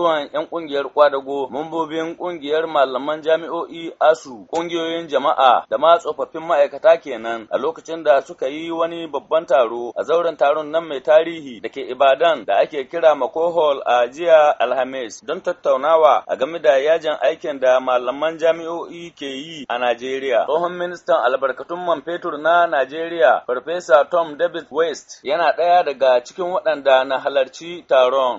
ruwan 'yan ƙungiyar kwadago mambobin ƙungiyar malaman jami'o'i asu ƙungiyoyin jama'a da ma tsofaffin ma'aikata kenan a lokacin da suka yi wani babban taro a zauren taron nan mai tarihi da ke ibadan da ake kira makohol a jiya alhamis don tattaunawa a game da yajin aikin da malaman jami'o'i ke yi a najeriya tsohon ministan albarkatun man fetur na najeriya farfesa tom david west yana ɗaya daga cikin waɗanda na halarci taron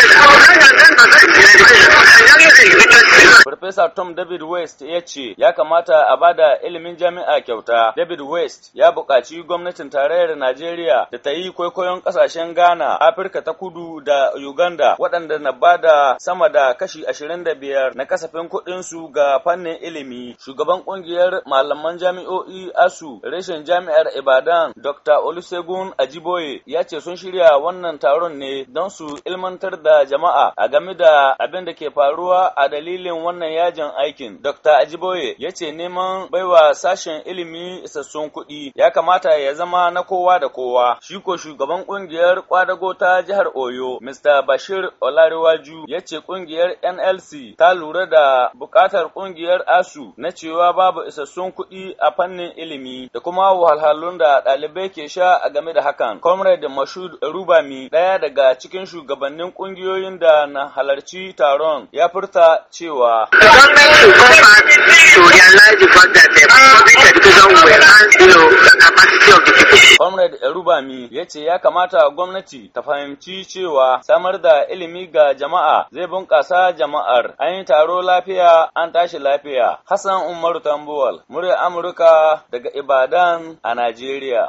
Farfesa Tom David West ya ce ya kamata a bada ilimin jami'a kyauta. David West ya buƙaci gwamnatin tarayyar Najeriya da ta yi kwaikwayon ƙasashen Ghana, Afirka ta kudu da Uganda waɗanda na bada sama da kashi ashirin da biyar na kasafin kuɗinsu ga fannin ilimi. Shugaban ƙungiyar malaman jami'o'i ASU reshen jami'ar Ibadan Dr. Olusegun Ajiboye ya ce sun shirya wannan taron ne don su ilmantar da jama'a a game da abin da ke faruwa a dalilin wannan yajin aikin Dr. Ajiboye ya ce neman baiwa sashen ilimi isassun kuɗi ya kamata ya zama na kowa da kowa. Shi ko shugaban ƙungiyar kwadago ta jihar Oyo, Mr. Bashir Olariwaju ya ce ƙungiyar NLC ta lura da buƙatar ƙungiyar ASU na cewa babu isassun kuɗi a fannin ilimi da kuma wahalhalun da ɗalibai ke sha a game da hakan. Comrade Mashud Rubami ɗaya daga cikin shugabannin ƙungiyoyin da na halarci taron ya furta cewa. government should come back to realize the fact that the public education will enhance you know, the capacity of the people. Comrade Erubami ya ce ya kamata gwamnati ta fahimci cewa samar da ilimi ga jama'a zai bunƙasa jama'ar. An yi taro lafiya an tashi lafiya. Hassan Umaru Tambuwal, murya Amurka daga Ibadan a Najeriya.